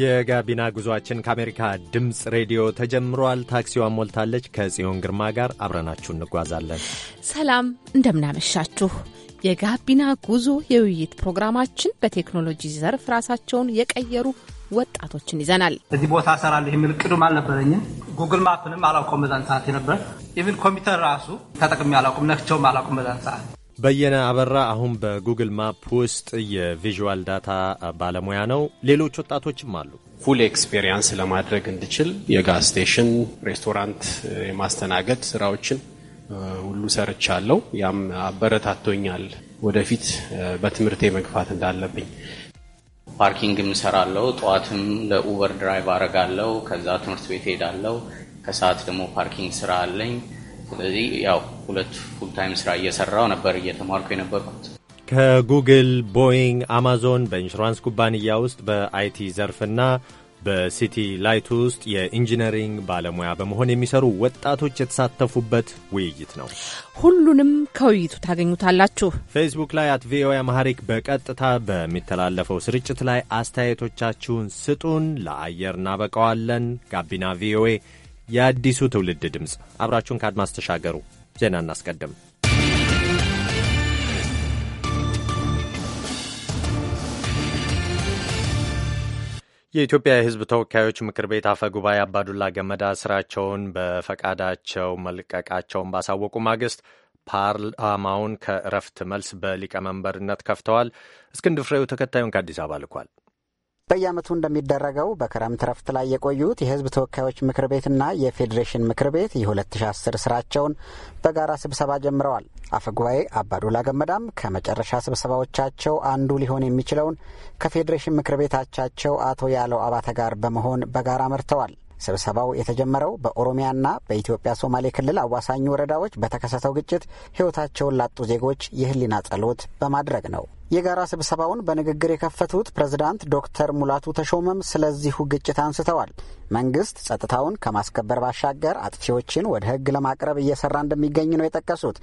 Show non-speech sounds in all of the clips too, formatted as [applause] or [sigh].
የጋቢና ጉዞአችን ከአሜሪካ ድምፅ ሬዲዮ ተጀምሯል። ታክሲዋን ሞልታለች። ከጽዮን ግርማ ጋር አብረናችሁ እንጓዛለን። ሰላም፣ እንደምናመሻችሁ። የጋቢና ጉዞ የውይይት ፕሮግራማችን በቴክኖሎጂ ዘርፍ ራሳቸውን የቀየሩ ወጣቶችን ይዘናል። እዚህ ቦታ እሰራለሁ የሚል ቅዱም አልነበረኝም። ጉግል ማፕንም አላውቀውም በዛን ሰዓት የነበረ ኢቭን ኮምፒውተር ራሱ ተጠቅሜ አላውቅም፣ ነክቼውም አላውቅም በዛን ሰዓት በየነ አበራ አሁን በጉግል ማፕ ውስጥ የቪዥዋል ዳታ ባለሙያ ነው። ሌሎች ወጣቶችም አሉ። ፉል ኤክስፔሪየንስ ለማድረግ እንድችል የጋዝ ስቴሽን፣ ሬስቶራንት የማስተናገድ ስራዎችን ሁሉ ሰርቻለሁ። ያም አበረታቶኛል ወደፊት በትምህርቴ መግፋት እንዳለብኝ። ፓርኪንግም እሰራለሁ። ጠዋትም ለኡበር ድራይቭ አረጋለሁ። ከዛ ትምህርት ቤት ሄዳለሁ። ከሰዓት ደግሞ ፓርኪንግ ስራ አለኝ። ስለዚህ ያው ሁለት ፉልታይም ስራ እየሰራው ነበር እየተማርኩ የነበርኩት። ከጉግል፣ ቦይንግ፣ አማዞን በኢንሹራንስ ኩባንያ ውስጥ በአይቲ ዘርፍና በሲቲ ላይት ውስጥ የኢንጂነሪንግ ባለሙያ በመሆን የሚሰሩ ወጣቶች የተሳተፉበት ውይይት ነው። ሁሉንም ከውይይቱ ታገኙታላችሁ። ፌስቡክ ላይ አት ቪኦኤ አማሐሪክ በቀጥታ በሚተላለፈው ስርጭት ላይ አስተያየቶቻችሁን ስጡን፣ ለአየር እናበቀዋለን። ጋቢና ቪኦኤ የአዲሱ ትውልድ ድምፅ፣ አብራችሁን ከአድማስ ተሻገሩ። ዜና እናስቀድም። የኢትዮጵያ የሕዝብ ተወካዮች ምክር ቤት አፈ ጉባኤ አባዱላ ገመዳ ስራቸውን በፈቃዳቸው መልቀቃቸውን ባሳወቁ ማግስት ፓርላማውን ከእረፍት መልስ በሊቀመንበርነት ከፍተዋል። እስክንድር ፍሬው ተከታዩን ከአዲስ አበባ ልኳል። በየዓመቱ እንደሚደረገው በክረምት ረፍት ላይ የቆዩት የሕዝብ ተወካዮች ምክር ቤትና የፌዴሬሽን ምክር ቤት የ2010 ስራቸውን በጋራ ስብሰባ ጀምረዋል። አፈጉባኤ አባዱላ ገመዳም ከመጨረሻ ስብሰባዎቻቸው አንዱ ሊሆን የሚችለውን ከፌዴሬሽን ምክር ቤታቻቸው አቶ ያለው አባተ ጋር በመሆን በጋራ መርተዋል። ስብሰባው የተጀመረው በኦሮሚያና በኢትዮጵያ ሶማሌ ክልል አዋሳኝ ወረዳዎች በተከሰተው ግጭት ሕይወታቸውን ላጡ ዜጎች የህሊና ጸሎት በማድረግ ነው። የጋራ ስብሰባውን በንግግር የከፈቱት ፕሬዝዳንት ዶክተር ሙላቱ ተሾመም ስለዚሁ ግጭት አንስተዋል። መንግስት ጸጥታውን ከማስከበር ባሻገር አጥፊዎችን ወደ ህግ ለማቅረብ እየሰራ እንደሚገኝ ነው የጠቀሱት።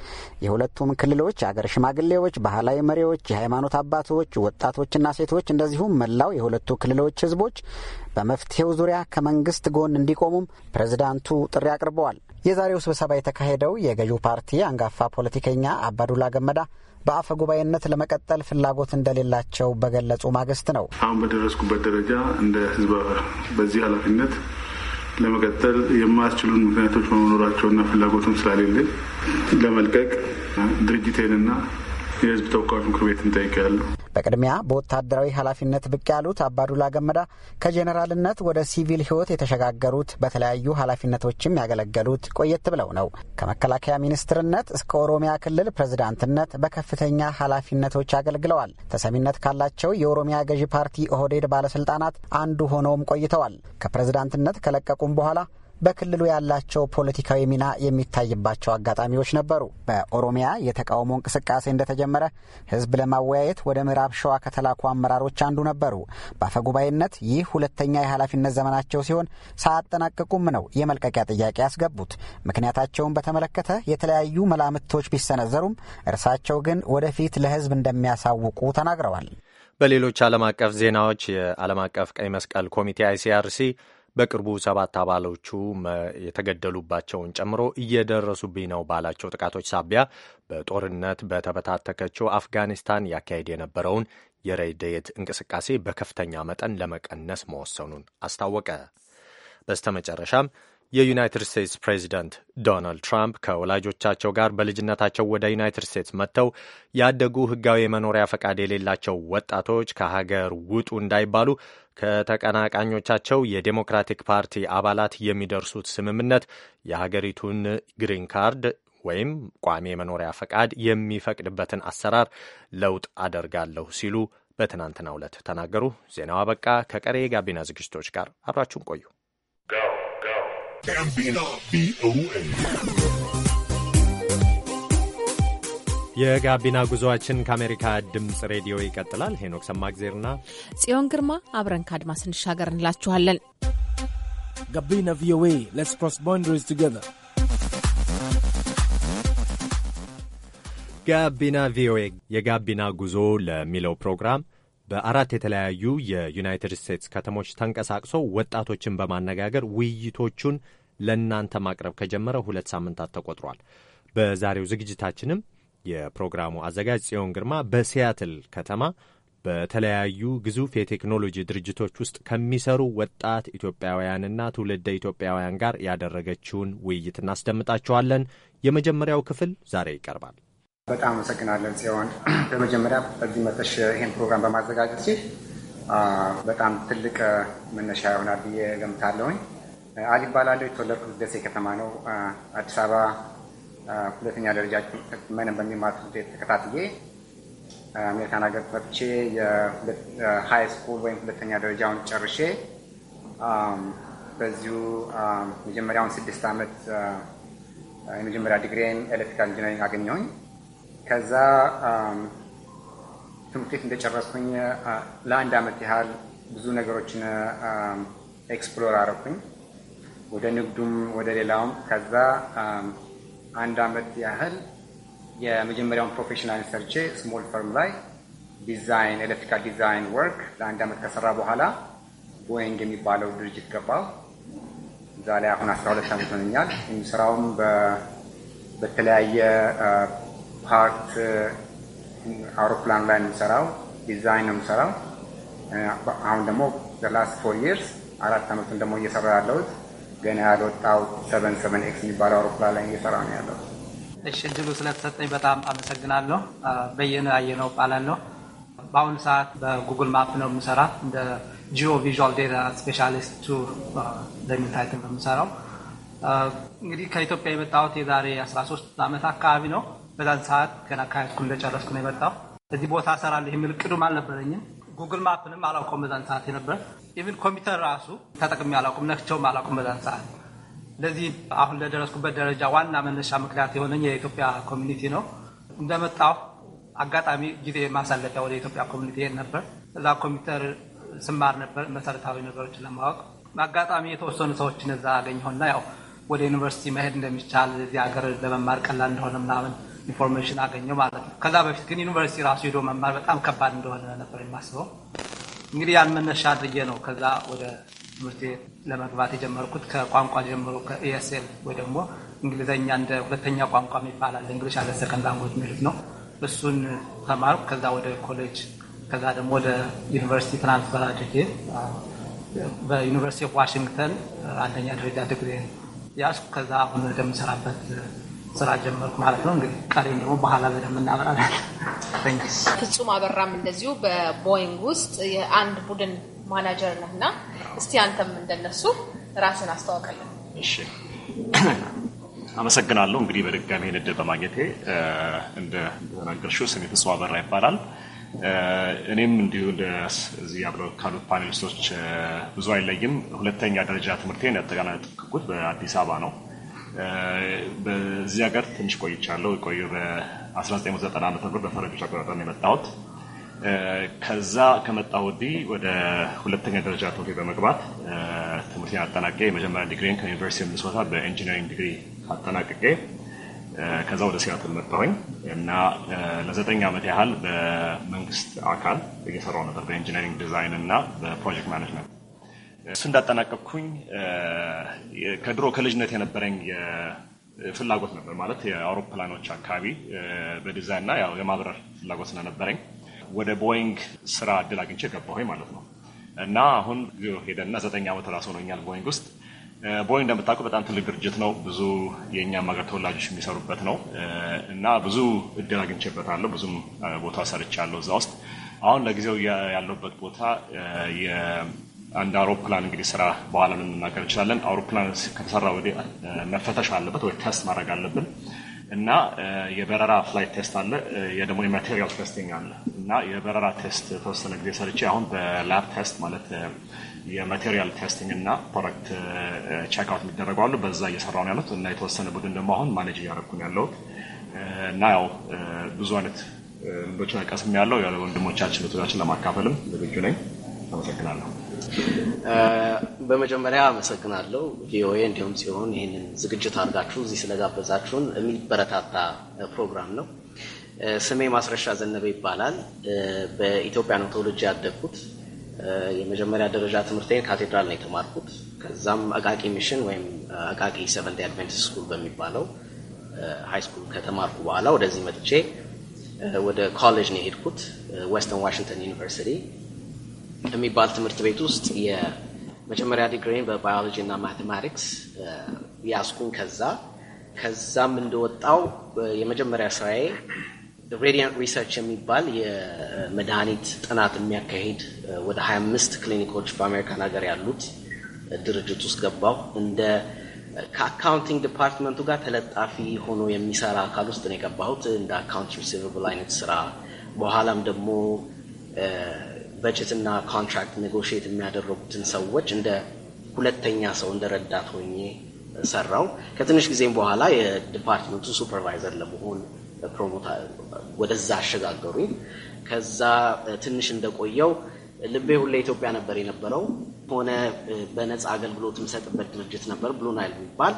የሁለቱም ክልሎች የአገር ሽማግሌዎች፣ ባህላዊ መሪዎች፣ የሃይማኖት አባቶች፣ ወጣቶችና ሴቶች እንደዚሁም መላው የሁለቱ ክልሎች ህዝቦች በመፍትሄው ዙሪያ ከመንግስት ጎን እንዲቆሙም ፕሬዝዳንቱ ጥሪ አቅርበዋል። የዛሬው ስብሰባ የተካሄደው የገዢው ፓርቲ አንጋፋ ፖለቲከኛ አባዱላ ገመዳ በአፈ ጉባኤነት ለመቀጠል ፍላጎት እንደሌላቸው በገለጹ ማግስት ነው። አሁን በደረስኩበት ደረጃ እንደ ህዝብ በዚህ ኃላፊነት ለመቀጠል የማያስችሉን ምክንያቶች መኖራቸውና ፍላጎቱም ስላሌለኝ ለመልቀቅ ድርጅቴንና የህዝብ ተወካዮች ምክር ቤት እንጠይቃለሁ። በቅድሚያ በወታደራዊ ኃላፊነት ብቅ ያሉት አባዱላ ገመዳ ከጄኔራልነት ወደ ሲቪል ህይወት የተሸጋገሩት በተለያዩ ኃላፊነቶችም ያገለገሉት ቆየት ብለው ነው። ከመከላከያ ሚኒስትርነት እስከ ኦሮሚያ ክልል ፕሬዝዳንትነት በከፍተኛ ኃላፊነቶች አገልግለዋል። ተሰሚነት ካላቸው የኦሮሚያ ገዢ ፓርቲ ኦህዴድ ባለስልጣናት አንዱ ሆነውም ቆይተዋል። ከፕሬዝዳንትነት ከለቀቁም በኋላ በክልሉ ያላቸው ፖለቲካዊ ሚና የሚታይባቸው አጋጣሚዎች ነበሩ። በኦሮሚያ የተቃውሞ እንቅስቃሴ እንደተጀመረ ህዝብ ለማወያየት ወደ ምዕራብ ሸዋ ከተላኩ አመራሮች አንዱ ነበሩ። በአፈጉባኤነት ይህ ሁለተኛ የኃላፊነት ዘመናቸው ሲሆን ሳያጠናቅቁም ነው የመልቀቂያ ጥያቄ ያስገቡት። ምክንያታቸውን በተመለከተ የተለያዩ መላምቶች ቢሰነዘሩም እርሳቸው ግን ወደፊት ለህዝብ እንደሚያሳውቁ ተናግረዋል። በሌሎች ዓለም አቀፍ ዜናዎች የዓለም አቀፍ ቀይ መስቀል ኮሚቴ አይሲአርሲ በቅርቡ ሰባት አባሎቹ የተገደሉባቸውን ጨምሮ እየደረሱብኝ ነው ባላቸው ጥቃቶች ሳቢያ በጦርነት በተበታተከችው አፍጋኒስታን ያካሄድ የነበረውን የረድኤት እንቅስቃሴ በከፍተኛ መጠን ለመቀነስ መወሰኑን አስታወቀ። በስተመጨረሻም የዩናይትድ ስቴትስ ፕሬዚደንት ዶናልድ ትራምፕ ከወላጆቻቸው ጋር በልጅነታቸው ወደ ዩናይትድ ስቴትስ መጥተው ያደጉ ሕጋዊ የመኖሪያ ፈቃድ የሌላቸው ወጣቶች ከሀገር ውጡ እንዳይባሉ ከተቀናቃኞቻቸው የዴሞክራቲክ ፓርቲ አባላት የሚደርሱት ስምምነት የሀገሪቱን ግሪን ካርድ ወይም ቋሚ የመኖሪያ ፈቃድ የሚፈቅድበትን አሰራር ለውጥ አደርጋለሁ ሲሉ በትናንትናው ዕለት ተናገሩ። ዜናው አበቃ። ከቀሪ የጋቢና ዝግጅቶች ጋር አብራችሁን ቆዩ። የጋቢና ጉዞአችን ከአሜሪካ ድምፅ ሬዲዮ ይቀጥላል። ሄኖክ ሰማግዜርና ጽዮን ግርማ አብረን ከአድማ ስንሻገር እንላችኋለን። ጋቢና ቪኦኤ ሌትስ ክሮስ ቦንደሪስ ቱጌዘር። ጋቢና ቪኦኤ የጋቢና ጉዞ ለሚለው ፕሮግራም በአራት የተለያዩ የዩናይትድ ስቴትስ ከተሞች ተንቀሳቅሶ ወጣቶችን በማነጋገር ውይይቶቹን ለእናንተ ማቅረብ ከጀመረ ሁለት ሳምንታት ተቆጥሯል። በዛሬው ዝግጅታችንም የፕሮግራሙ አዘጋጅ ጽዮን ግርማ በሲያትል ከተማ በተለያዩ ግዙፍ የቴክኖሎጂ ድርጅቶች ውስጥ ከሚሰሩ ወጣት ኢትዮጵያውያንና ትውልደ ኢትዮጵያውያን ጋር ያደረገችውን ውይይት እናስደምጣችኋለን። የመጀመሪያው ክፍል ዛሬ ይቀርባል። በጣም አመሰግናለን ጽዮን። በመጀመሪያ በዚህ መጠሽ ይህን ፕሮግራም በማዘጋጀት ሲል በጣም ትልቅ መነሻ ይሆናል ብዬ ገምታለሁኝ። አሊ እባላለሁ። የተወለድኩት ደሴ ከተማ ነው። አዲስ አበባ ሁለተኛ ደረጃ ህክምናን በሚማር ትምህርት ቤት ተከታትዬ አሜሪካን ሀገር መጥቼ ስኩል ወይም ሁለተኛ ደረጃውን ጨርሼ በዚሁ መጀመሪያውን ስድስት ዓመት የመጀመሪያ ዲግሪን ኤሌክትሪካል ኢንጂነሪንግ አገኘሁኝ። ከዛ ትምህርት ቤት እንደጨረስኩኝ ለአንድ ዓመት ያህል ብዙ ነገሮችን ኤክስፕሎር አረኩኝ፣ ወደ ንግዱም ወደ ሌላውም ከዛ አንድ አመት ያህል የመጀመሪያውን ፕሮፌሽናል ሰርቼ ስሞል ፈርም ላይ ዲዛይን ኤሌክትሪካል ዲዛይን ወርክ ለአንድ አመት ከሰራ በኋላ ቦይንግ የሚባለው ድርጅት ገባው። እዛ ላይ አሁን 12 ዓመት ሆነኛል። የሚሰራውም በተለያየ ፓርት አውሮፕላን ላይ የምሰራው ዲዛይን ነው የምሰራው። አሁን ደግሞ ላስት ፎር ይርስ አራት አመት ደግሞ እየሰራ ያለሁት ገና ያልወጣው ሰቨን ሰቨን ኤክስ የሚባለው አውሮፕላን ላይ እየሰራ ነው ያለው። እሺ፣ እድሉ ስለተሰጠኝ በጣም አመሰግናለሁ። በየነ አየነው እባላለሁ። በአሁኑ ሰዓት በጉግል ማፕ ነው የምሰራ እንደ ጂኦ ቪዥዋል ዴታ ስፔሻሊስት ቱ ለሚል ታይትል ነው የምሰራው። እንግዲህ ከኢትዮጵያ የመጣሁት የዛሬ 13 ዓመት አካባቢ ነው። በዛን ሰዓት ገና ከሃይስኩል እንደጨረስኩ ነው የመጣው። እዚህ ቦታ እሰራለሁ የሚል ቅዱም አልነበረኝም። ጉግል ማፕንም አላውቀውም በዛን ሰዓት የነበር ኢቭን ኮምፒውተር ራሱ ተጠቅሜ አላውቅም፣ ነክቼውም አላውቅም በዛን ሰዓት። ለዚህ አሁን ለደረስኩበት ደረጃ ዋና መነሻ ምክንያት የሆነኝ የኢትዮጵያ ኮሚኒቲ ነው። እንደመጣሁ አጋጣሚ ጊዜ ማሳለፊያ ወደ ኢትዮጵያ ኮሚኒቲ ነበር። እዛ ኮምፒውተር ስማር ነበር መሰረታዊ ነገሮችን ለማወቅ አጋጣሚ የተወሰኑ ሰዎችን እዛ አገኘሁና ያው ወደ ዩኒቨርሲቲ መሄድ እንደሚቻል እዚህ ሀገር ለመማር ቀላል እንደሆነ ምናምን ኢንፎርሜሽን አገኘው ማለት ነው። ከዛ በፊት ግን ዩኒቨርሲቲ ራሱ ሄዶ መማር በጣም ከባድ እንደሆነ ነበር የማስበው። እንግዲህ ያን መነሻ አድርጌ ነው ከዛ ወደ ትምህርቴ ለመግባት የጀመርኩት ከቋንቋ ጀምሮ ከኤስኤል ወይ ደግሞ እንግሊዘኛ እንደ ሁለተኛ ቋንቋ ይባላል እንግሊሽ አለ ሰከንድ ላንጉጅ ሚሉት ነው። እሱን ተማርኩ። ከዛ ወደ ኮሌጅ ከዛ ደግሞ ወደ ዩኒቨርሲቲ ትራንስፈር አድርጌ በዩኒቨርሲቲ ኦፍ ዋሽንግተን አንደኛ ደረጃ ድግሪ ያስኩ። ከዛ አሁን ወደምሰራበት ስራ ጀመርኩ ማለት ነው። እንግዲህ ቀሪም ደግሞ በኋላ በደንብ እናበራለን። ፍጹም አበራም እንደዚሁ በቦይንግ ውስጥ የአንድ ቡድን ማናጀር ነህ እና እስቲ አንተም እንደነሱ ራስን አስተዋውቀልን። እሺ፣ አመሰግናለሁ። እንግዲህ በድጋሚ ይህን ዕድል በማግኘቴ እንደተናገርሽው ስሜ ፍጹም አበራ ይባላል። እኔም እንዲሁ እዚህ አብረው ካሉት ፓኔሊስቶች ብዙ አይለይም። ሁለተኛ ደረጃ ትምህርቴን ያጠናቀቅኩት በአዲስ አበባ ነው። በዚህ ሀገር ትንሽ ቆይቻለሁ። ቆዩ በ1990 ዓ ም በፈረንጆች አቆጣጠር የመጣሁት። ከዛ ከመጣሁ ወዲህ ወደ ሁለተኛ ደረጃ ትምህርት በመግባት ትምህርቴን አጠናቄ የመጀመሪያ ዲግሪን ከዩኒቨርሲቲ ምስወታ በኢንጂነሪንግ ዲግሪ አጠናቅቄ ከዛ ወደ ሲያትል መጣሁኝ እና ለዘጠኝ ዓመት ያህል በመንግስት አካል እየሰራሁ ነበር በኢንጂነሪንግ ዲዛይን እና በፕሮጀክት ማኔጅመንት እሱ እንዳጠናቀቅኩኝ ከድሮ ከልጅነት የነበረኝ ፍላጎት ነበር። ማለት የአውሮፕላኖች አካባቢ በዲዛይን እና የማብረር ፍላጎት ስለነበረኝ ወደ ቦይንግ ስራ እድል አግኝቼ ገባሁኝ ማለት ነው። እና አሁን ሄደና ዘጠኝ ዓመት ራሱ ሆኖኛል ቦይንግ ውስጥ። ቦይንግ እንደምታውቁ በጣም ትልቅ ድርጅት ነው። ብዙ የእኛም ሀገር ተወላጆች የሚሰሩበት ነው እና ብዙ እድል አግኝቼበታለሁ። ብዙም ቦታ ሰርቻለሁ እዛ ውስጥ። አሁን ለጊዜው ያለሁበት ቦታ አንድ አውሮፕላን እንግዲህ ስራ በኋላ ልንናገር እንችላለን። አውሮፕላን ከተሰራ ወዲህ መፈተሽ አለበት ወይ ቴስት ማድረግ አለብን እና የበረራ ፍላይት ቴስት አለ፣ ደግሞ የማቴሪያል ቴስቲንግ አለ እና የበረራ ቴስት ተወሰነ ጊዜ ሰርቼ አሁን በላብ ቴስት ማለት የማቴሪያል ቴስቲንግ እና ፕሮዳክት ቼክ አውት የሚደረጉ አሉ። በዛ እየሰራ ነው ያሉት እና የተወሰነ ቡድን ደግሞ አሁን ማኔጅ እያደረኩ ነው ያለሁት እና ያው ብዙ አይነት ልምዶችን ቀስም ያለው ወንድሞቻችን ልቶቻችን ለማካፈልም ዝግጁ ነኝ። አመሰግናለሁ። በመጀመሪያ አመሰግናለሁ ቪኦኤ እንዲሁም ሲሆን ይህንን ዝግጅት አድርጋችሁ እዚህ ስለጋበዛችሁን የሚበረታታ ፕሮግራም ነው። ስሜ ማስረሻ ዘነበ ይባላል። በኢትዮጵያ ነው ተወልጄ ያደግኩት። የመጀመሪያ ደረጃ ትምህርቴን ካቴድራል ነው የተማርኩት። ከዛም አቃቂ ሚሽን ወይም አቃቂ ሰቨንት አድቨንቲስት ስኩል በሚባለው ሃይ ስኩል ከተማርኩ በኋላ ወደዚህ መጥቼ ወደ ኮሌጅ ነው የሄድኩት፣ ዌስተርን ዋሽንግተን ዩኒቨርሲቲ በሚባል ትምህርት ቤት ውስጥ የመጀመሪያ ዲግሪን በባዮሎጂ እና ማቴማቲክስ ያስኩኝ ከዛ ከዛም እንደወጣው የመጀመሪያ ስራዬ ሬዲያንት ሪሰርች የሚባል የመድኃኒት ጥናት የሚያካሂድ ወደ 25 ክሊኒኮች በአሜሪካን ሀገር ያሉት ድርጅት ውስጥ ገባው። እንደ ከአካውንቲንግ ዲፓርትመንቱ ጋር ተለጣፊ ሆኖ የሚሰራ አካል ውስጥ ነው የገባሁት፣ እንደ አካውንት ሪሲቨብል አይነት ስራ። በኋላም ደግሞ በችትና ኮንትራክት ኔጎሽት የሚያደረጉትን ሰዎች እንደ ሁለተኛ ሰው እንደ ረዳት ሆኜ ሰራው። ከትንሽ ጊዜም በኋላ የዲፓርትመንቱ ሱፐርቫይዘር ለመሆን ፕሮሞት ወደዛ አሸጋገሩኝ። ከዛ ትንሽ እንደቆየው ልቤ ሁሌ ኢትዮጵያ ነበር የነበረው። ሆነ በነፃ አገልግሎት የምሰጥበት ድርጅት ነበር ብሉ ናይል የሚባል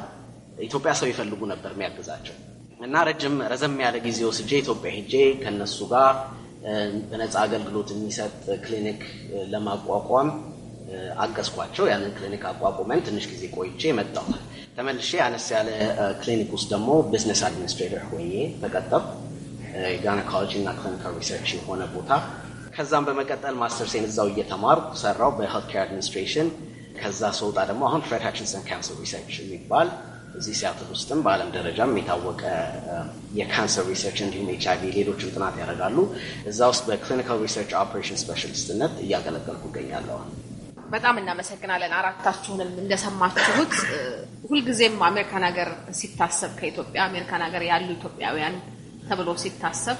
ኢትዮጵያ ሰው ይፈልጉ ነበር የሚያግዛቸው እና ረጅም ረዘም ያለ ጊዜ ወስጄ ኢትዮጵያ ሄጄ ከነሱ ጋር በነፃ አገልግሎት የሚሰጥ ክሊኒክ ለማቋቋም አገዝኳቸው። ያንን ክሊኒክ አቋቁመን ትንሽ ጊዜ ቆይቼ መጣሁ። ተመልሼ አነስ ያለ ክሊኒክ ውስጥ ደግሞ ቢዝነስ አድሚኒስትሬተር ሆኜ ተቀጠርኩ። የጋይናኮሎጂ እና ክሊኒካል ሪሰርች የሆነ ቦታ። ከዛም በመቀጠል ማስተር ሴን እዛው እየተማርኩ ሰራው በሄልት ኬር አድሚኒስትሬሽን። ከዛ ስወጣ ደግሞ አሁን ፍሬድ ሃችንሰን ካንሰር ሪሰርች የሚባል እዚህ ሲያትል ውስጥም በዓለም ደረጃም የታወቀ የካንሰር ሪሰርች እንዲሁም ኤች አይቪ ሌሎችም ጥናት ያደርጋሉ። እዛ ውስጥ በክሊኒካል ሪሰርች ኦፕሬሽን ስፔሻሊስትነት እያገለገልኩ እገኛለሁ። በጣም እናመሰግናለን አራታችሁንም። እንደሰማችሁት ሁልጊዜም አሜሪካን ሀገር ሲታሰብ ከኢትዮጵያ አሜሪካን ሀገር ያሉ ኢትዮጵያውያን ተብሎ ሲታሰብ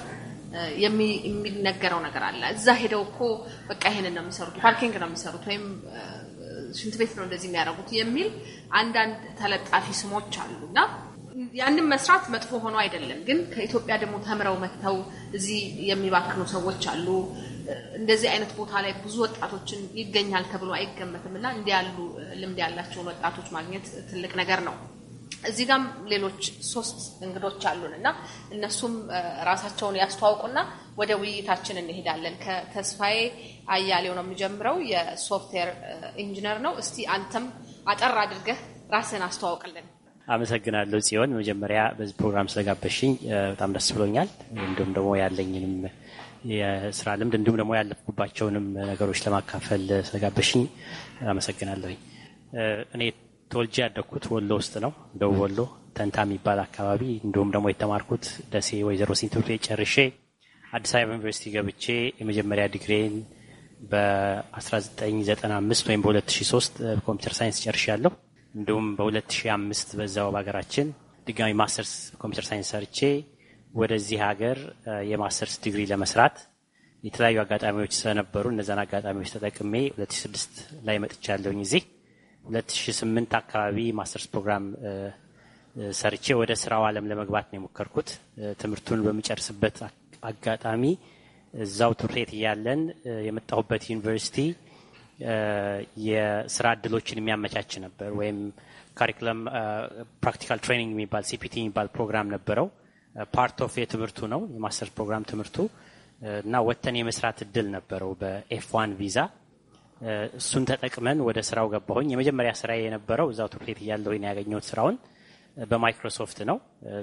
የሚነገረው ነገር አለ። እዛ ሄደው እኮ በቃ ይሄንን ነው የሚሰሩት፣ ፓርኪንግ ነው የሚሰሩት ወይም ሽንት ቤት ነው እንደዚህ የሚያደርጉት የሚል አንዳንድ ተለጣፊ ስሞች አሉ እና ያንን መስራት መጥፎ ሆኖ አይደለም። ግን ከኢትዮጵያ ደግሞ ተምረው መጥተው እዚህ የሚባክኑ ሰዎች አሉ። እንደዚህ አይነት ቦታ ላይ ብዙ ወጣቶችን ይገኛል ተብሎ አይገመትም እና እንዲ ያሉ ልምድ ያላቸውን ወጣቶች ማግኘት ትልቅ ነገር ነው። እዚህ ጋም ሌሎች ሶስት እንግዶች አሉን እና እነሱም ራሳቸውን ያስተዋውቁና ወደ ውይይታችን እንሄዳለን። ከተስፋዬ አያሌው ነው የምጀምረው። የሶፍትዌር ኢንጂነር ነው። እስቲ አንተም አጠር አድርገህ ራስን አስተዋውቅልን። አመሰግናለሁ ጽዮን። መጀመሪያ በዚህ ፕሮግራም ስለጋበሽኝ በጣም ደስ ብሎኛል። እንዲሁም ደግሞ ያለኝንም የስራ ልምድ እንዲሁም ደግሞ ያለፍኩባቸውንም ነገሮች ለማካፈል ስለጋበሽኝ አመሰግናለሁኝ። እኔ ተወልጄ ያደግኩት ወሎ ውስጥ ነው፣ ደቡብ ወሎ ተንታ የሚባል አካባቢ። እንዲሁም ደግሞ የተማርኩት ደሴ ወይዘሮ ሲንት ጨርሼ አዲስ አበባ ዩኒቨርሲቲ ገብቼ የመጀመሪያ ዲግሪን በ1995 ወይም በ2003 ኮምፒውተር ሳይንስ ያለው። እንዲሁም በ2005 በዛው በሀገራችን ድጋሚ ማስተርስ ኮምፒውተር ሳይንስ ሰርቼ ወደዚህ ሀገር የማስተርስ ዲግሪ ለመስራት የተለያዩ አጋጣሚዎች ስለነበሩ እነዛን አጋጣሚዎች ተጠቅሜ 2006 ላይ መጥቻለሁኝ። እዚህ 2008 አካባቢ ማስተርስ ፕሮግራም ሰርቼ ወደ ስራው አለም ለመግባት ነው የሞከርኩት። ትምህርቱን በሚጨርስበት አጋጣሚ እዛው ትሬት እያለን የመጣሁበት ዩኒቨርሲቲ የስራ እድሎችን የሚያመቻች ነበር። ወይም ካሪኩለም ፕራክቲካል ትሬኒንግ የሚባል ሲፒቲ የሚባል ፕሮግራም ነበረው። ፓርት ኦፍ የትምህርቱ ነው የማስተርስ ፕሮግራም ትምህርቱ እና ወተን የመስራት እድል ነበረው በኤፍዋን ቪዛ። እሱን ተጠቅመን ወደ ስራው ገባሁኝ። የመጀመሪያ ስራ የነበረው እዛው ትምህርት እያለሁ ያገኘሁት ስራውን በማይክሮሶፍት ነው።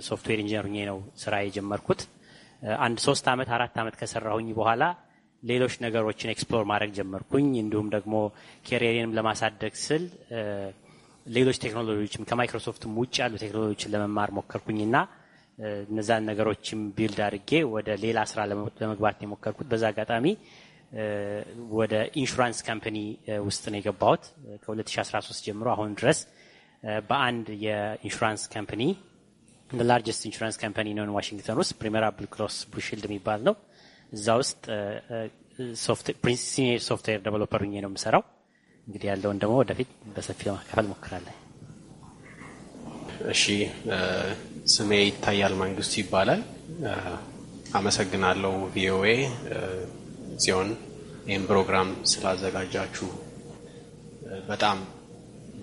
ሶፍትዌር ኢንጂነር ነው ስራ የጀመርኩት። አንድ ሶስት ዓመት አራት ዓመት ከሰራሁኝ በኋላ ሌሎች ነገሮችን ኤክስፕሎር ማድረግ ጀመርኩኝ። እንዲሁም ደግሞ ኬሪየሬንም ለማሳደግ ስል ሌሎች ቴክኖሎጂዎችም ከማይክሮሶፍትም ውጭ ያሉ ቴክኖሎጂዎችን ለመማር ሞከርኩኝና እነዛን ነገሮችም ቢልድ አድርጌ ወደ ሌላ ስራ ለመግባት ነው የሞከርኩት። በዛ አጋጣሚ ወደ ኢንሹራንስ ካምፕኒ ውስጥ ነው የገባሁት ከ2013 ጀምሮ አሁን ድረስ በአንድ የኢንሹራንስ ካምፕኒ ላርጀስት ኢንሹራንስ ካምፓኒ ነው ዋሽንግተን ውስጥ ፕሪሜራ ብሉክሮስ ብሉሺልድ የሚባል ነው። እዛ ውስጥ ሲኒየር ሶፍትዌር ዴቨሎፐር ነው የምሰራው። እንግዲህ ያለውን ደግሞ ወደፊት በሰፊ ለማካፈል ሞክራለን። እሺ፣ ስሜ ይታያል መንግስቱ ይባላል። አመሰግናለሁ ቪኦኤ ጽዮን ይህም ፕሮግራም ስላዘጋጃችሁ በጣም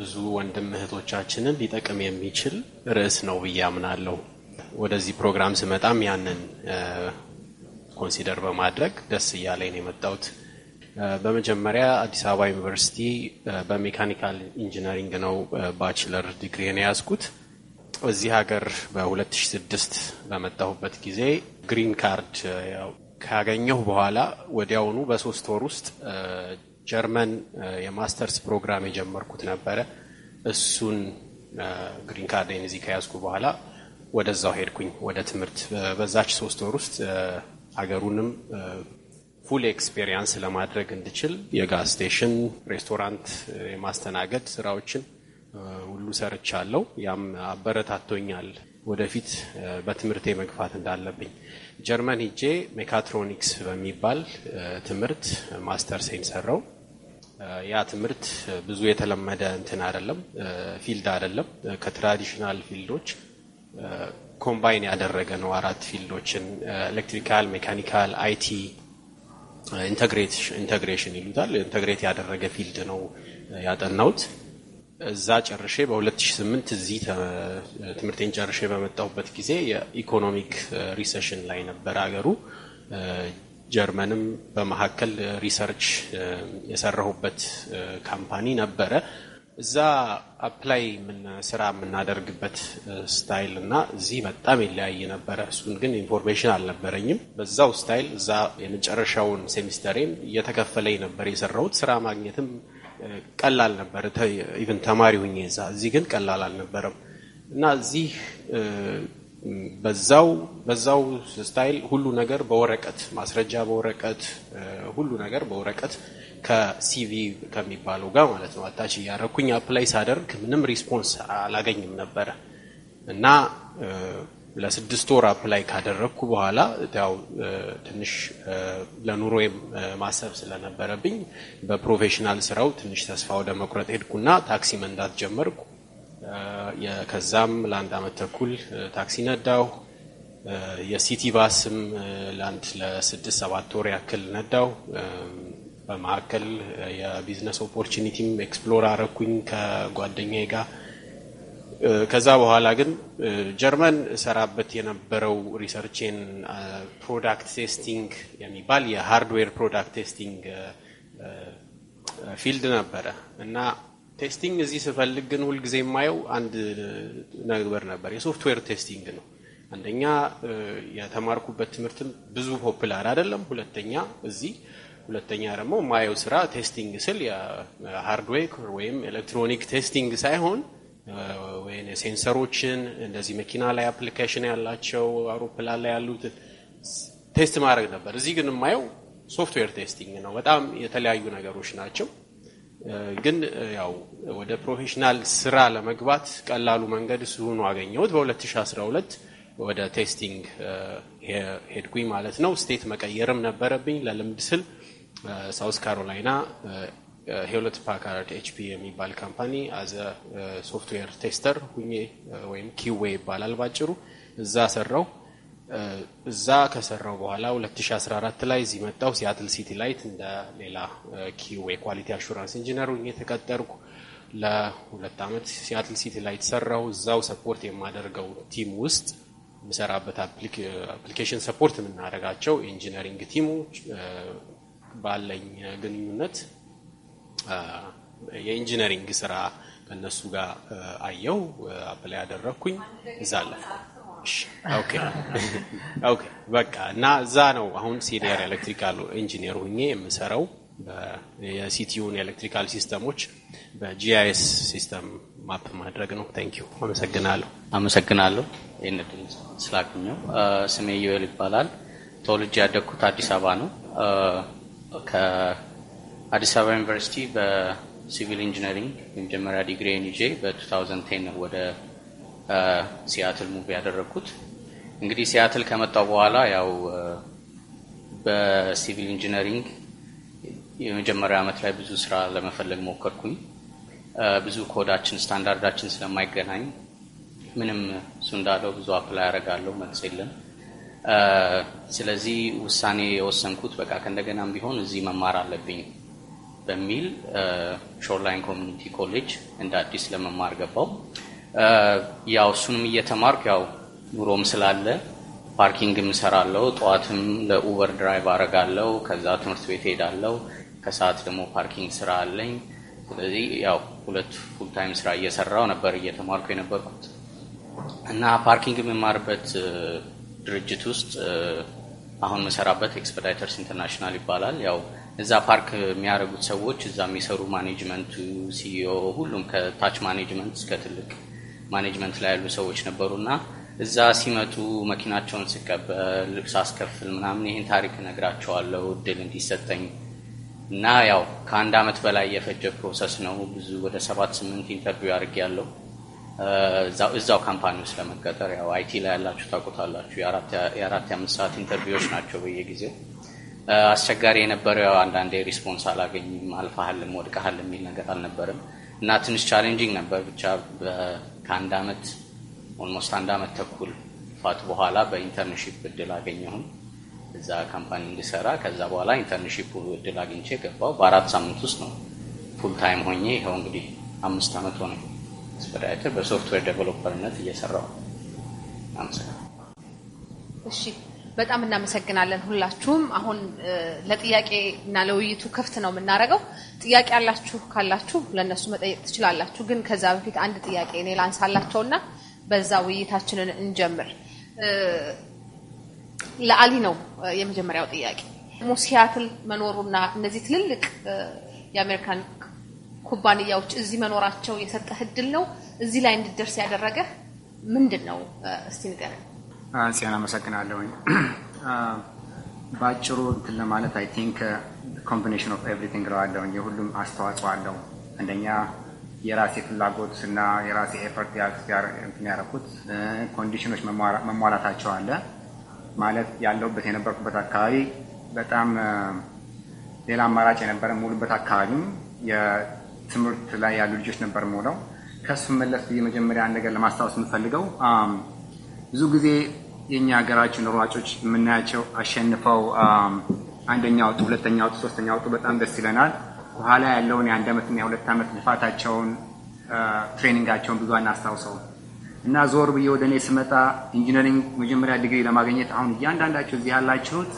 ብዙ ወንድም እህቶቻችንን ሊጠቅም የሚችል ርዕስ ነው ብዬ አምናለሁ። ወደዚህ ፕሮግራም ስመጣም ያንን ኮንሲደር በማድረግ ደስ እያለኝ ነው የመጣሁት። በመጀመሪያ አዲስ አበባ ዩኒቨርሲቲ በሜካኒካል ኢንጂነሪንግ ነው ባችለር ዲግሪን የያዝኩት። እዚህ ሀገር በ2006 በመጣሁበት ጊዜ ግሪን ካርድ ካገኘሁ በኋላ ወዲያውኑ በሶስት ወር ውስጥ ጀርመን የማስተርስ ፕሮግራም የጀመርኩት ነበረ። እሱን ግሪን ካርዴን እዚህ ከያዝኩ በኋላ ወደዛው ሄድኩኝ ወደ ትምህርት። በዛች ሶስት ወር ውስጥ ሀገሩንም ፉል ኤክስፔሪንስ ለማድረግ እንድችል የጋዝ ስቴሽን፣ ሬስቶራንት የማስተናገድ ስራዎችን ሁሉ ሰርቻለሁ። ያም አበረታቶኛል ወደፊት በትምህርቴ መግፋት እንዳለብኝ። ጀርመን ሂጄ ሜካትሮኒክስ በሚባል ትምህርት ማስተርሴን ሰራው። ያ ትምህርት ብዙ የተለመደ እንትን አይደለም፣ ፊልድ አይደለም። ከትራዲሽናል ፊልዶች ኮምባይን ያደረገ ነው። አራት ፊልዶችን ኤሌክትሪካል፣ ሜካኒካል፣ አይቲ ኢንተግሬሽን ይሉታል። ኢንተግሬት ያደረገ ፊልድ ነው ያጠናሁት። እዛ ጨርሼ በ2008 እዚህ ትምህርቴን ጨርሼ በመጣሁበት ጊዜ የኢኮኖሚክ ሪሰሽን ላይ ነበር አገሩ። ጀርመንም በመካከል ሪሰርች የሰራሁበት ካምፓኒ ነበረ። እዛ አፕላይ ስራ የምናደርግበት ስታይል እና እዚህ በጣም ይለያይ ነበረ። እሱን ግን ኢንፎርሜሽን አልነበረኝም። በዛው ስታይል እዛ የመጨረሻውን ሴሚስተሬን እየተከፈለኝ ነበር የሰራሁት። ስራ ማግኘትም ቀላል ነበር። ኢቨን ተማሪ ሁኜ እዛ፣ እዚህ ግን ቀላል አልነበረም እና እዚህ በዛው በዛው ስታይል ሁሉ ነገር በወረቀት ማስረጃ በወረቀት ሁሉ ነገር በወረቀት ከሲቪ ከሚባለው ጋር ማለት ነው አታች እያረኩኝ አፕላይ ሳደርግ ምንም ሪስፖንስ አላገኝም ነበረ እና ለስድስት ወር አፕላይ ካደረግኩ በኋላ ያው ትንሽ ለኑሮ ማሰብ ስለነበረብኝ በፕሮፌሽናል ስራው ትንሽ ተስፋ ወደ መቁረጥ ሄድኩና ታክሲ መንዳት ጀመርኩ። ከዛም ለአንድ አመት ተኩል ታክሲ ነዳው የሲቲ ባስም ለአንድ ለስድስት ሰባት ወር ያክል ነዳው በመካከል የቢዝነስ ኦፖርቹኒቲም ኤክስፕሎር አረኩኝ ከጓደኛዬ ጋር። ከዛ በኋላ ግን ጀርመን ሰራበት የነበረው ሪሰርቼን ፕሮዳክት ቴስቲንግ የሚባል የሃርድዌር ፕሮዳክት ቴስቲንግ ፊልድ ነበረ እና ቴስቲንግ እዚህ ስፈልግ ግን ሁልጊዜ የማየው አንድ ነገር ነበር፣ የሶፍትዌር ቴስቲንግ ነው። አንደኛ የተማርኩበት ትምህርትም ብዙ ፖፕላር አይደለም፣ ሁለተኛ እዚህ ሁለተኛ ደግሞ ማየው ስራ ቴስቲንግ ስል የሃርድዌክ ወይም ኤሌክትሮኒክ ቴስቲንግ ሳይሆን ወይ ሴንሰሮችን እንደዚህ መኪና ላይ አፕሊኬሽን ያላቸው አውሮፕላን ላይ ያሉት ቴስት ማድረግ ነበር። እዚህ ግን የማየው ሶፍትዌር ቴስቲንግ ነው። በጣም የተለያዩ ነገሮች ናቸው። ግን ያው ወደ ፕሮፌሽናል ስራ ለመግባት ቀላሉ መንገድ እሱ ሆኖ አገኘሁት። በ2012 ወደ ቴስቲንግ ሄድኩኝ ማለት ነው። ስቴት መቀየርም ነበረብኝ ለልምድ ስል ሳውስ ካሮላይና ሄውለት ፓካርድ ኤችፒ የሚባል ካምፓኒ አዘ ሶፍትዌር ቴስተር ሁኜ ወይም ኪዌ ይባላል ባጭሩ እዛ ሰራው። እዛ ከሰራው በኋላ 2014 ላይ እዚህ መጣው ሲያትል ሲቲ ላይት እንደ ሌላ ኪዌ ኳሊቲ አሹራንስ ኢንጂነሩ የተቀጠርኩ ለሁለት ዓመት ሲያትል ሲቲ ላይት ሰራው። እዛው ሰፖርት የማደርገው ቲም ውስጥ የምሰራበት አፕሊኬሽን ሰፖርት የምናደርጋቸው ኢንጂነሪንግ ቲሙ ባለኝ ግንኙነት የኢንጂነሪንግ ስራ ከእነሱ ጋር አየው አፕላይ ያደረግኩኝ እዛ አለፍኩ። በቃ እና እዛ ነው አሁን ሲኒየር ኤሌክትሪካል ኢንጂነር ሁኜ የምሰራው የሲቲዩን ኤሌክትሪካል ሲስተሞች በጂአይኤስ ሲስተም ማፕ ማድረግ ነው። ታንኪዩ አመሰግናለሁ። አመሰግናለሁ ይህን እድል ስላገኘው። ስሜ ዮኤል ይባላል። ተወልጄ ያደግኩት አዲስ አበባ ነው። ከአዲስ አበባ ዩኒቨርሲቲ በሲቪል ኢንጂነሪንግ የመጀመሪያ ዲግሪ ይዤ በ2010 ወደ ሲያትል ሙቪ ያደረግኩት። እንግዲህ ሲያትል ከመጣው በኋላ ያው በሲቪል ኢንጂነሪንግ የመጀመሪያ ዓመት ላይ ብዙ ስራ ለመፈለግ ሞከርኩኝ። ብዙ ኮዳችን ስታንዳርዳችን ስለማይገናኝ ምንም እሱ እንዳለው ብዙ አፕላይ ያደርጋለሁ፣ መልስ የለም። ስለዚህ ውሳኔ የወሰንኩት በቃ ከእንደገናም ቢሆን እዚህ መማር አለብኝ በሚል ሾርላይን ኮሚኒቲ ኮሌጅ እንደ አዲስ ለመማር ገባው። ያው እሱንም እየተማርኩ ያው ኑሮም ስላለ ፓርኪንግም እሰራለሁ። ጠዋትም ለኡበር ድራይቭ አረጋለሁ። ከዛ ትምህርት ቤት ሄዳለሁ። ከሰዓት ደግሞ ፓርኪንግ ስራ አለኝ። ስለዚህ ያው ሁለት ፉልታይም ስራ እየሰራው ነበር እየተማርኩ የነበርኩት እና ፓርኪንግ የምማርበት ድርጅት ውስጥ አሁን መሰራበት ኤክስፐዳይተርስ ኢንተርናሽናል ይባላል። ያው እዛ ፓርክ የሚያደርጉት ሰዎች እዛ የሚሰሩ ማኔጅመንቱ፣ ሲኢኦ፣ ሁሉም ከታች ማኔጅመንት እስከ ትልቅ ማኔጅመንት ላይ ያሉ ሰዎች እና እዛ ሲመጡ መኪናቸውን ስቀበል ልብስ አስከፍል ምናምን ይህን ታሪክ እነግራቸዋለሁ እድል እንዲሰጠኝ እና ያው ከአንድ አመት በላይ የፈጀ ፕሮሰስ ነው። ብዙ ወደ ሰባት ስምንት ኢንተርቪው ያለው እዛው ካምፓኒ ውስጥ ለመቀጠር ያው አይቲ ላይ ያላችሁ ታውቁታላችሁ። የአራት የአምስት ሰዓት ኢንተርቪዎች ናቸው በየጊዜው። አስቸጋሪ የነበረው አንዳንዴ ሪስፖንስ አላገኝም፣ አልፋሃልም፣ ወድቀሃል የሚል ነገር አልነበርም እና ትንሽ ቻሌንጂንግ ነበር ብቻ ከአንድ አመት ኦልሞስት አንድ አመት ተኩል ፋት በኋላ በኢንተርንሺፕ እድል አገኘሁም እዛ ካምፓኒ እንድሰራ። ከዛ በኋላ ኢንተርንሺፕ እድል አግኝቼ ገባው። በአራት ሳምንት ውስጥ ነው ፉል ታይም ሆኜ ይኸው እንግዲህ አምስት አመት ሆነ አስበዳይተር በሶፍትዌር ዴቨሎፐርነት እየሰራው። አመሰግናለሁ። እሺ በጣም እናመሰግናለን ሁላችሁም። አሁን ለጥያቄ እና ለውይይቱ ክፍት ነው የምናደርገው። ጥያቄ ያላችሁ ካላችሁ ለእነሱ መጠየቅ ትችላላችሁ። ግን ከዛ በፊት አንድ ጥያቄ እኔ ላንሳላቸውና በዛ ውይይታችንን እንጀምር። ለአሊ ነው የመጀመሪያው ጥያቄ። ደግሞ ሲያትል መኖሩና እነዚህ ትልልቅ የአሜሪካን ኩባንያዎች እዚህ መኖራቸው የሰጠህ እድል ነው እዚህ ላይ እንድደርስ ያደረገህ ምንድን ነው? እስቲ ንገረን። ጽዮን አመሰግናለሁኝ። በአጭሩ እንትን ለማለት አይ ቲንክ ኮምቢኔሽን ኦፍ ኤቭሪቲንግ ለዋለሁኝ የሁሉም አስተዋጽኦ አለው። አንደኛ የራሴ ፍላጎት እና የራሴ ኤፈርት እንትን ያደረኩት ኮንዲሽኖች መሟላታቸው አለ ማለት ያለሁበት የነበርኩበት አካባቢ በጣም ሌላ አማራጭ የነበረ ሙሉበት አካባቢም የትምህርት ላይ ያሉ ልጆች ነበር ሙለው ከሱ መለስ የመጀመሪያ አንድ ነገር ለማስታወስ የምፈልገው ብዙ ጊዜ የኛ ሀገራችን ሯጮች የምናያቸው አሸንፈው አንደኛ ወጡ፣ ሁለተኛ ወጡ፣ ሶስተኛ ወጡ፣ በጣም ደስ ይለናል። በኋላ ያለውን የአንድ ዓመትና የሁለት ዓመት ልፋታቸውን ትሬኒንጋቸውን ብዙ አናስታውሰው እና ዞር ብዬ ወደ እኔ ስመጣ ኢንጂነሪንግ መጀመሪያ ዲግሪ ለማግኘት አሁን እያንዳንዳቸው እዚህ ያላችሁት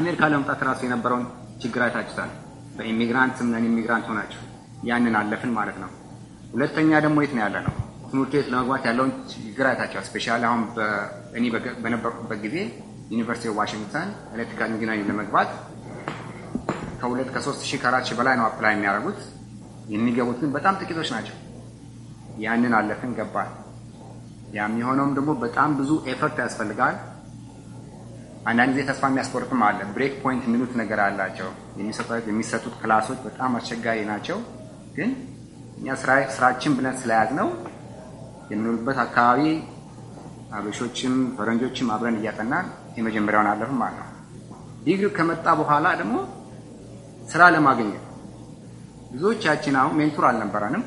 አሜሪካ ለመምጣት ራሱ የነበረውን ችግር አይታችሁታል። በኢሚግራንት ምን ኢሚግራንት ሆናችሁ ያንን አለፍን ማለት ነው። ሁለተኛ ደግሞ የት ነው ያለ ነው ትምህርት ቤት ለመግባት ያለውን ችግር አይታቸዋል። ስፔሻሊ አሁን እኔ በነበርኩበት ጊዜ ዩኒቨርሲቲ ኦፍ ዋሽንግተን ኤሌክትሪካል ኢንጂነሪንግ ለመግባት ከሁለት ከሶስት ሺህ ከአራት ሺህ በላይ ነው አፕላይ የሚያደርጉት። የሚገቡት ግን በጣም ጥቂቶች ናቸው። ያንን አለፍን ገባል። ያም የሆነውም ደግሞ በጣም ብዙ ኤፈርት ያስፈልጋል። አንዳንድ ጊዜ ተስፋ የሚያስቆርጥም አለ። ብሬክ ፖይንት የሚሉት ነገር አላቸው። የሚሰጡት ክላሶች በጣም አስቸጋሪ ናቸው። ግን እኛ ስራችን ብለን ስለያዝ ነው የምንውልበት አካባቢ አበሾችም ፈረንጆችም አብረን እያጠናን የመጀመሪያውን አለፍን ማለት ነው። ዲግሪ ከመጣ በኋላ ደግሞ ስራ ለማግኘት ብዙዎቻችን አሁን ሜንቱር አልነበረንም።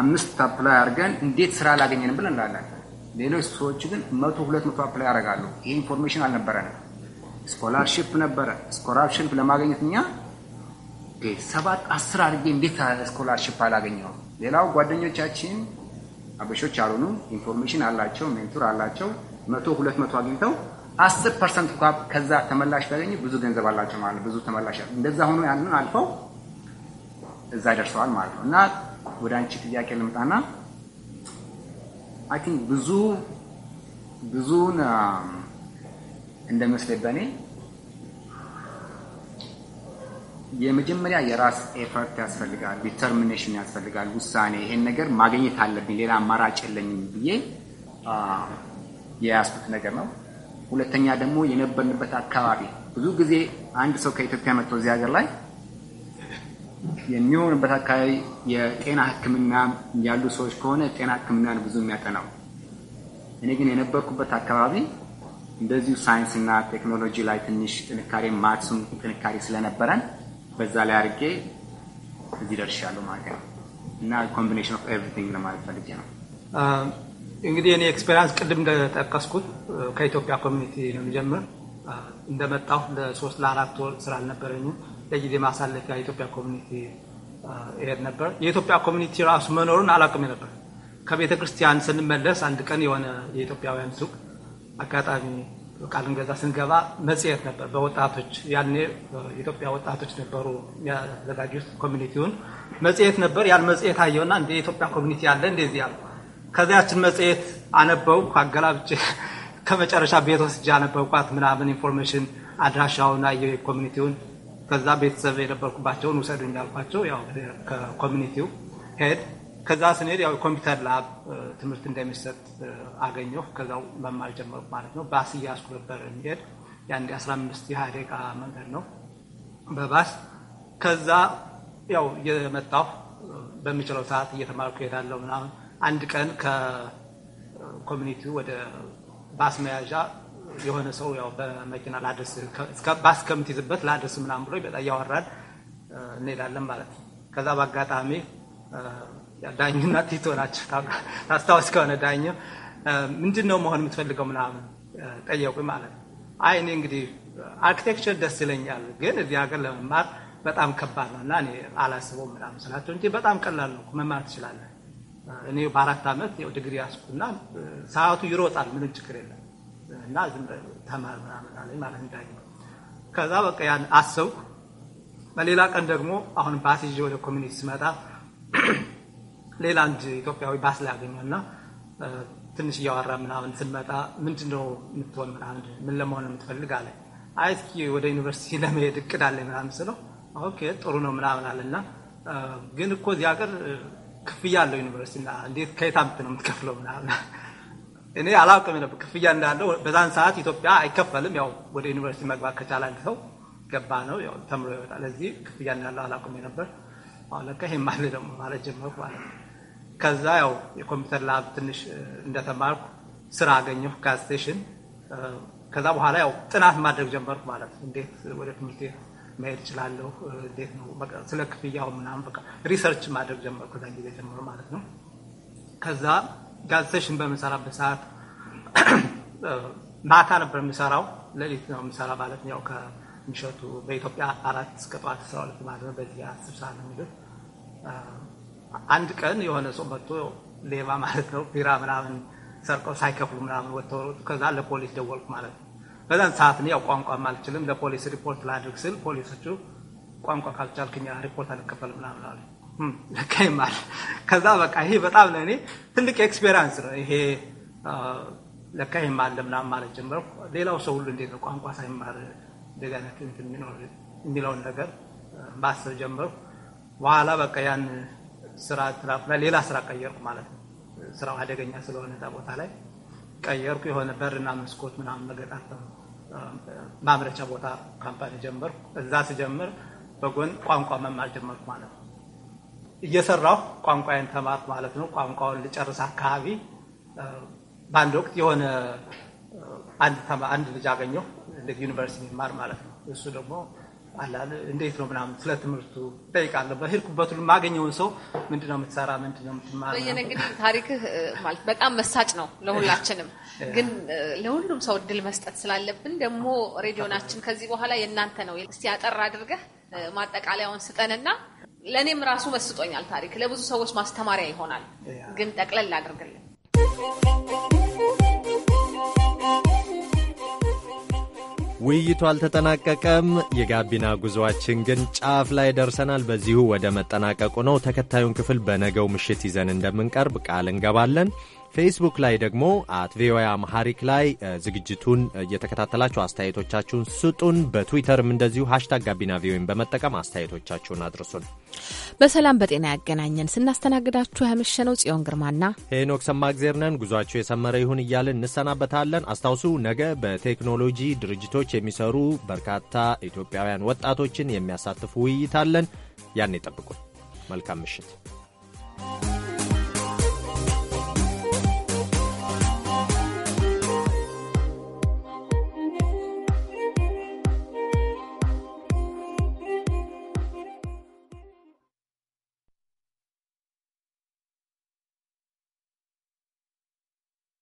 አምስት አፕላይ አድርገን እንዴት ስራ አላገኘንም ብለን እንላለን። ሌሎች ሰዎች ግን መቶ ሁለት መቶ አፕላይ ያደርጋሉ። ይሄ ኢንፎርሜሽን አልነበረንም። ስኮላርሽፕ ነበረ። ስኮላርሽፕ ለማግኘት እኛ ሰባት አስር አድርጌ እንዴት ስኮላርሽፕ አላገኘውም። ሌላው ጓደኞቻችን አበሾች አልሆኑም። ኢንፎርሜሽን አላቸው፣ ሜንቶር አላቸው። መቶ ሁለት መቶ አግኝተው አስር ፐርሰንት እንኳ ከዛ ተመላሽ ቢያገኙ ብዙ ገንዘብ አላቸው ማለት ብዙ ተመላሽ እንደዛ ሆኖ ያንን አልፈው እዛ ደርሰዋል ማለት ነው። እና ወደ አንቺ ጥያቄ ልምጣና አይ ቲንክ ብዙ ብዙን እንደሚወስደበኔ የመጀመሪያ የራስ ኤፈርት ያስፈልጋል፣ ዲተርሚኔሽን ያስፈልጋል። ውሳኔ ይሄን ነገር ማግኘት አለብኝ፣ ሌላ አማራጭ የለኝም ብዬ የያዝኩት ነገር ነው። ሁለተኛ ደግሞ የነበርንበት አካባቢ ብዙ ጊዜ አንድ ሰው ከኢትዮጵያ መጥቶ እዚህ ሀገር ላይ የሚሆንበት አካባቢ የጤና ሕክምና ያሉ ሰዎች ከሆነ ጤና ሕክምናን ብዙ የሚያጠናው እኔ ግን የነበርኩበት አካባቢ እንደዚሁ ሳይንስና ቴክኖሎጂ ላይ ትንሽ ጥንካሬ ማክሱም ጥንካሬ ስለነበረን በዛ ላይ አድርጌ እዚህ ደርሻለሁ ማለት ነው። እና ኮምቢኔሽን ኦፍ ኤቭሪቲንግ ለማለት ፈልጌ ነው። እንግዲህ እኔ ኤክስፔሪንስ ቅድም እንደጠቀስኩት ከኢትዮጵያ ኮሚኒቲ ነው የሚጀምር። እንደመጣሁ ለሶስት ለአራት ወር ስራ አልነበረኝም። ለጊዜ ማሳለፊያ የኢትዮጵያ ኮሚኒቲ ይሄድ ነበር። የኢትዮጵያ ኮሚኒቲ ራሱ መኖሩን አላውቅም ነበር። ከቤተ ክርስቲያን ስንመለስ አንድ ቀን የሆነ የኢትዮጵያውያን ሱቅ አጋጣሚ እቃ ልንገዛ ስንገባ መጽሔት ነበር በወጣቶች ያኔ የኢትዮጵያ ወጣቶች ነበሩ የሚያዘጋጁት ኮሚኒቲውን መጽሔት ነበር። ያን መጽሔት አየውና እንደ የኢትዮጵያ ኮሚኒቲ ያለ እንደዚህ ያለ ከዚያችን መጽሔት አነበብኩ አገላብጬ [laughs] ከመጨረሻ ቤት ወስጄ አነበብኳት ምናምን ኢንፎርሜሽን አድራሻውን አየሁ የኮሚኒቲውን። ከዛ ቤተሰብ የነበርኩባቸውን ውሰዱኝ አልኳቸው። ያው ከኮሚኒቲው ሄድ ከዛ ስንሄድ ያው ኮምፒውተር ላብ ትምህርት እንደሚሰጥ አገኘሁ። ከዛው መማር ጀመርኩ ማለት ነው። ባስ እያስኩ ነበር የሚሄድ የአንድ 15 አምስት ደቂቃ መንገድ ነው በባስ ከዛ ያው እየመጣሁ በሚችለው ሰዓት እየተማርኩ እሄዳለሁ ምናምን። አንድ ቀን ከኮሚኒቲ ወደ ባስ መያዣ የሆነ ሰው ያው በመኪና ላደስ ባስ ከምትይዝበት ላደስ ምናምን ብሎ እያወራን እንሄዳለን ማለት ነው። ከዛ በአጋጣሚ ዳኙና ቲቶ ናቸው። ታስታወስ ከሆነ ዳኘ ምንድን ነው መሆን የምትፈልገው ምናምን ጠየቁ ማለት አይ እኔ እንግዲህ አርኪቴክቸር ደስ ይለኛል፣ ግን እዚህ ሀገር ለመማር በጣም ከባድ ነው እና እኔ አላስበው ምናምን ስላቸው እንጂ በጣም ቀላል ነው መማር ትችላለህ። እኔ በአራት ዓመት ያው ዲግሪ ያስኩና ሰዓቱ ይሮጣል፣ ምንም ችግር የለም እና ተማር ምናምን አለኝ ማለት እንዳይ ከዛ በቃ ያን አሰብኩ። በሌላ ቀን ደግሞ አሁን ባስ ወደ ኮሚኒቲ ስመጣ [clears throat] ሌላ አንድ ኢትዮጵያዊ ባስ ላይ አገኘና ትንሽ እያወራ ምናምን ስንመጣ ምንድነው ነው የምትሆን ምናምን ምን ለመሆን የምትፈልግ አለ። አይ እስኪ ወደ ዩኒቨርሲቲ ለመሄድ እቅድ አለ ምናምን ስለው ኦኬ ጥሩ ነው ምናምን አለና ግን እኮ እዚህ ሀገር ክፍያ አለው ዩኒቨርሲቲ እና እንዴት ከየት ነው የምትከፍለው ምናምን እኔ አላውቅም ነበር ክፍያ እንዳለው። በዛን ሰዓት ኢትዮጵያ አይከፈልም። ያው ወደ ዩኒቨርሲቲ መግባት ከቻለ አንድ ሰው ገባ ነው ያው ተምሮ ይወጣል። እዚህ ክፍያ እንዳለው አላውቅም ነበር። አሁን ለካ ይሄም አለ ደግሞ ማለት ጀመርኩ ማለት ነው። ከዛ ያው የኮምፒውተር ላብ ትንሽ እንደተማርኩ ስራ አገኘሁ ጋዝ ስቴሽን። ከዛ በኋላ ያው ጥናት ማድረግ ጀመርኩ ማለት እንዴት ወደ ትምህርት መሄድ እችላለሁ፣ እንዴት ነው ስለ ክፍያው ምናምን በቃ ሪሰርች ማድረግ ጀመርኩ ከዛን ጊዜ ጀምሮ ማለት ነው። ከዛ ጋዝ ስቴሽን በምንሰራበት ሰዓት ማታ ነበር የምሰራው፣ ሌሊት ነው የምሰራ ማለት ነው። ያው ከምሽቱ በኢትዮጵያ አራት እስከ ጠዋት ስራ ሁለት ማለት ነው። በዚህ አስር ሰዓት ነው የሚሉት አንድ ቀን የሆነ ሰው መጥቶ ሌባ ማለት ነው ቢራ ምናምን ሰርቀው ሳይከፍሉ ምናምን ወጥተው ከዛ ለፖሊስ ደወልኩ ማለት ነው። በዛን ሰዓት ያው ቋንቋ አልችልም ለፖሊስ ሪፖርት ላድርግ ስል ፖሊሶቹ ቋንቋ ካልቻልክኛ ሪፖርት አልቀበልም ምናምን አሉ። ይማል ከዛ በቃ ይሄ በጣም ለእኔ ትልቅ ኤክስፔሪንስ ነው። ይሄ ለካ ይማል አለ ምናምን ማለት ጀመርኩ። ሌላው ሰው ሁሉ እንዴት ነው ቋንቋ ሳይማር እንደዚህ የሚለውን ነገር ማሰብ ጀመርኩ። በኋላ በቃ ያን ስራ ትራፍ ላይ ሌላ ስራ ቀየርኩ ማለት ነው። ስራው አደገኛ ስለሆነ እዛ ቦታ ላይ ቀየርኩ። የሆነ በርና መስኮት ምናምን መገጣጠም ማምረቻ ቦታ ካምፓኒ ጀመርኩ። እዛ ስጀምር በጎን ቋንቋ መማር ጀመርኩ ማለት ነው። እየሰራሁ ቋንቋዬን ተማርኩ ማለት ነው። ቋንቋውን ልጨርስ አካባቢ በአንድ ወቅት የሆነ አንድ ልጅ አገኘሁ ዩኒቨርሲቲ የሚማር ማለት ነው። እሱ ደግሞ እንዴት ነው ምናምን ስለ ትምህርቱ ጠይቃለሁ። በሄድኩበት ሁሉ የማገኘውን ሰው ምንድነው የምትሰራ ምንድነው የምትማር? እንግዲህ ታሪክህ ማለት በጣም መሳጭ ነው ለሁላችንም። ግን ለሁሉም ሰው እድል መስጠት ስላለብን ደግሞ ሬዲዮናችን ከዚህ በኋላ የእናንተ ነው። እስቲ አጠር አድርገህ ማጠቃለያውን ስጠንና ለእኔም ራሱ መስጦኛል ታሪክ፣ ለብዙ ሰዎች ማስተማሪያ ይሆናል። ግን ጠቅለል አድርግልን። ውይይቱ አልተጠናቀቀም። የጋቢና ጉዞአችን ግን ጫፍ ላይ ደርሰናል። በዚሁ ወደ መጠናቀቁ ነው። ተከታዩን ክፍል በነገው ምሽት ይዘን እንደምንቀርብ ቃል እንገባለን። ፌስቡክ ላይ ደግሞ አት ቪኦኤ አምሃሪክ ላይ ዝግጅቱን እየተከታተላችሁ አስተያየቶቻችሁን ስጡን። በትዊተርም እንደዚሁ ሀሽታግ ጋቢና ቪኦኤን በመጠቀም አስተያየቶቻችሁን አድርሱን። በሰላም በጤና ያገናኘን። ስናስተናግዳችሁ ያመሸነው ጽዮን ግርማና ሄኖክ ሰማእግዜር ነን። ጉዟችሁ የሰመረ ይሁን እያልን እንሰናበታለን። አስታውሱ ነገ በቴክኖሎጂ ድርጅቶች የሚሰሩ በርካታ ኢትዮጵያውያን ወጣቶችን የሚያሳትፉ ውይይት አለን። ያን ጠብቁን። መልካም ምሽት።